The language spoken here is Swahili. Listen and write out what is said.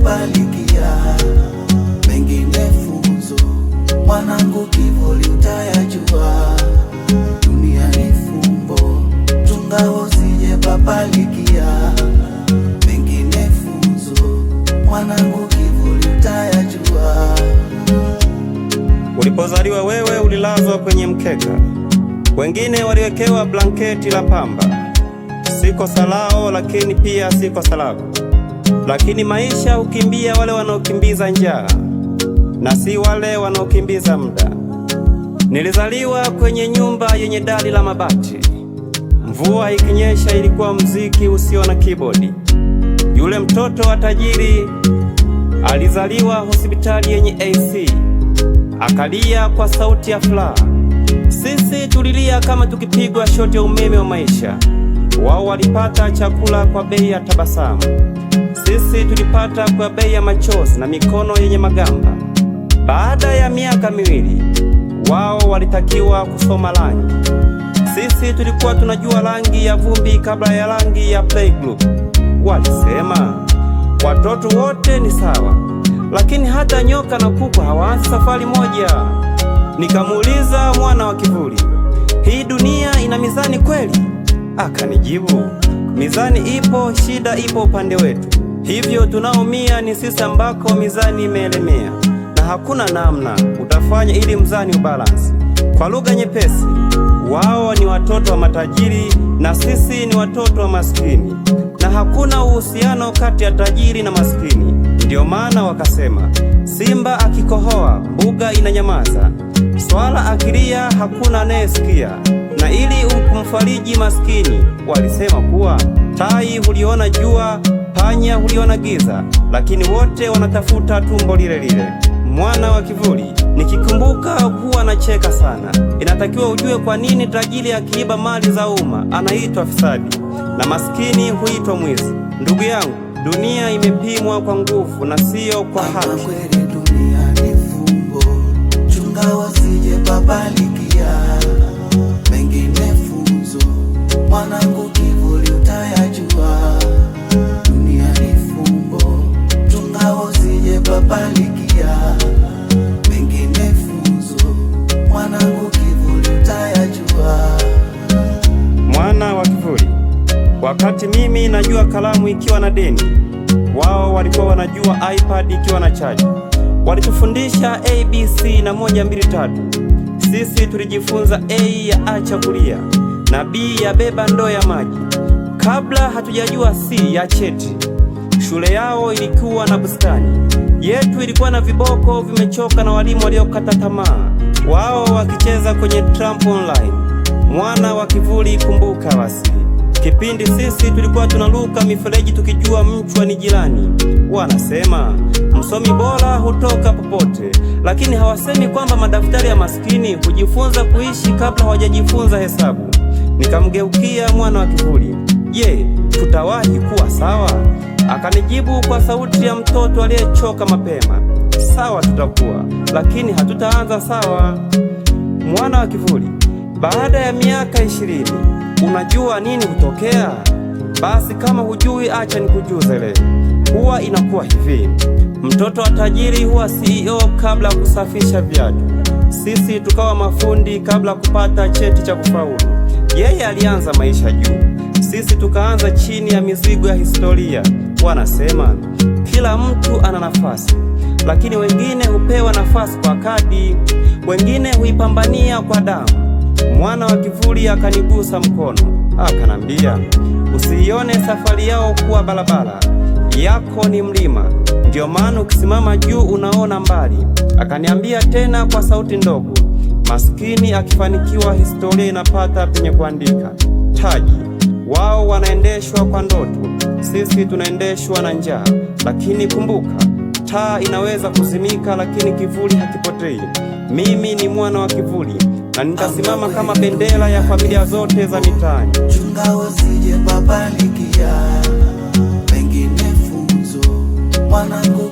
nitabarikia, mengine funzo mwanangu, kivuli utayajua. Dunia ni fumbo, tunga usije papalikia mengine funzo mwanangu, kivuli utayajua. Ulipozaliwa wewe ulilazwa kwenye mkeka, wengine waliwekewa blanketi la pamba, si kosa lao, lakini pia si kosa lako lakini maisha hukimbia wale wanaokimbiza njaa na si wale wanaokimbiza muda. Nilizaliwa kwenye nyumba yenye dari la mabati. Mvua ikinyesha ilikuwa mziki usio na kibodi. Yule mtoto wa tajiri alizaliwa hospitali yenye AC, akalia kwa sauti ya furaha. Sisi tulilia kama tukipigwa shoti ya umeme wa maisha. Wao walipata chakula kwa bei ya tabasamu. Sisi tulipata kwa bei ya machozi na mikono yenye magamba. Baada ya miaka miwili, wao walitakiwa kusoma rangi. Sisi tulikuwa tunajua rangi ya vumbi kabla ya rangi ya playgroup. Walisema watoto wote ni sawa, lakini hata nyoka na kuku hawaanzi safari moja. Nikamuuliza mwana wa kivuli, hii dunia ina mizani kweli? Akanijibu, mizani ipo, shida ipo upande wetu hivyo tunaumia ni sisi ambako mizani imeelemea, na hakuna namna utafanya ili mzani ubalansi. Kwa lugha nyepesi, wao ni watoto wa matajiri na sisi ni watoto wa masikini, na hakuna uhusiano kati ya tajiri na masikini. Ndiyo maana wakasema, simba akikohoa mbuga inanyamaza, swala akilia hakuna anayesikia. Na ili kumfariji masikini, walisema kuwa tai huliona jua Panya uliona giza, lakini wote wanatafuta tumbo lile lile. Mwana wa kivuli, nikikumbuka huwa anacheka sana. Inatakiwa ujue kwa nini tajiri akiiba mali za umma anaitwa fisadi na maskini huitwa mwizi. Ndugu yangu, dunia imepimwa kwa nguvu na siyo kwa haki. kweli dunia ni fumbo, chunga wasije babali mengine funzo, mwanangu kivuli utayajua. Mwana wa kivuli, wakati mimi najua kalamu ikiwa na deni, wao walikuwa wanajua iPad ikiwa na chaji. Walitufundisha ABC na moja mbili tatu, sisi tulijifunza A ya acha kulia na B ya beba ndoo ya maji, kabla hatujajua C ya cheti. Shule yao ilikuwa na bustani yetu ilikuwa na viboko vimechoka na walimu waliokata tamaa, wao wakicheza kwenye Trump Online. Mwana wa kivuli, kumbuka basi kipindi sisi tulikuwa tunaluka mifereji tukijua mchwa ni jirani. Wanasema msomi bora hutoka popote, lakini hawasemi kwamba madaftari ya maskini hujifunza kuishi kabla hawajajifunza hesabu. Nikamgeukia mwana wa kivuli, je, tutawahi kuwa sawa? Akanijibu kwa sauti ya mtoto aliyechoka mapema, sawa, tutakuwa lakini hatutaanza sawa. Mwana wa kivuli, baada ya miaka ishirini unajua nini hutokea? Basi kama hujui, acha nikujuze leo. Huwa inakuwa hivi, mtoto wa tajiri huwa CEO kabla ya kusafisha viatu. Sisi tukawa mafundi kabla kupata cheti cha kufaulu. Yeye alianza maisha juu sisi tukaanza chini ya mizigo ya historia. Wanasema kila mtu ana nafasi, lakini wengine hupewa nafasi kwa kadi, wengine huipambania kwa damu. Mwana wa kivuli akanigusa mkono, akanambia, usiione safari yao kuwa barabara, yako ni mlima, ndio maana ukisimama juu unaona mbali. Akaniambia tena kwa sauti ndogo, maskini akifanikiwa, historia inapata penye kuandika taji wanaendeshwa kwa ndoto, sisi tunaendeshwa na njaa. Lakini kumbuka, taa inaweza kuzimika, lakini kivuli hakipotei. Mimi ni mwana wa kivuli na nitasimama kama bendera ya familia zote za mitaani. Chunga usije pengine funzo mwanangu.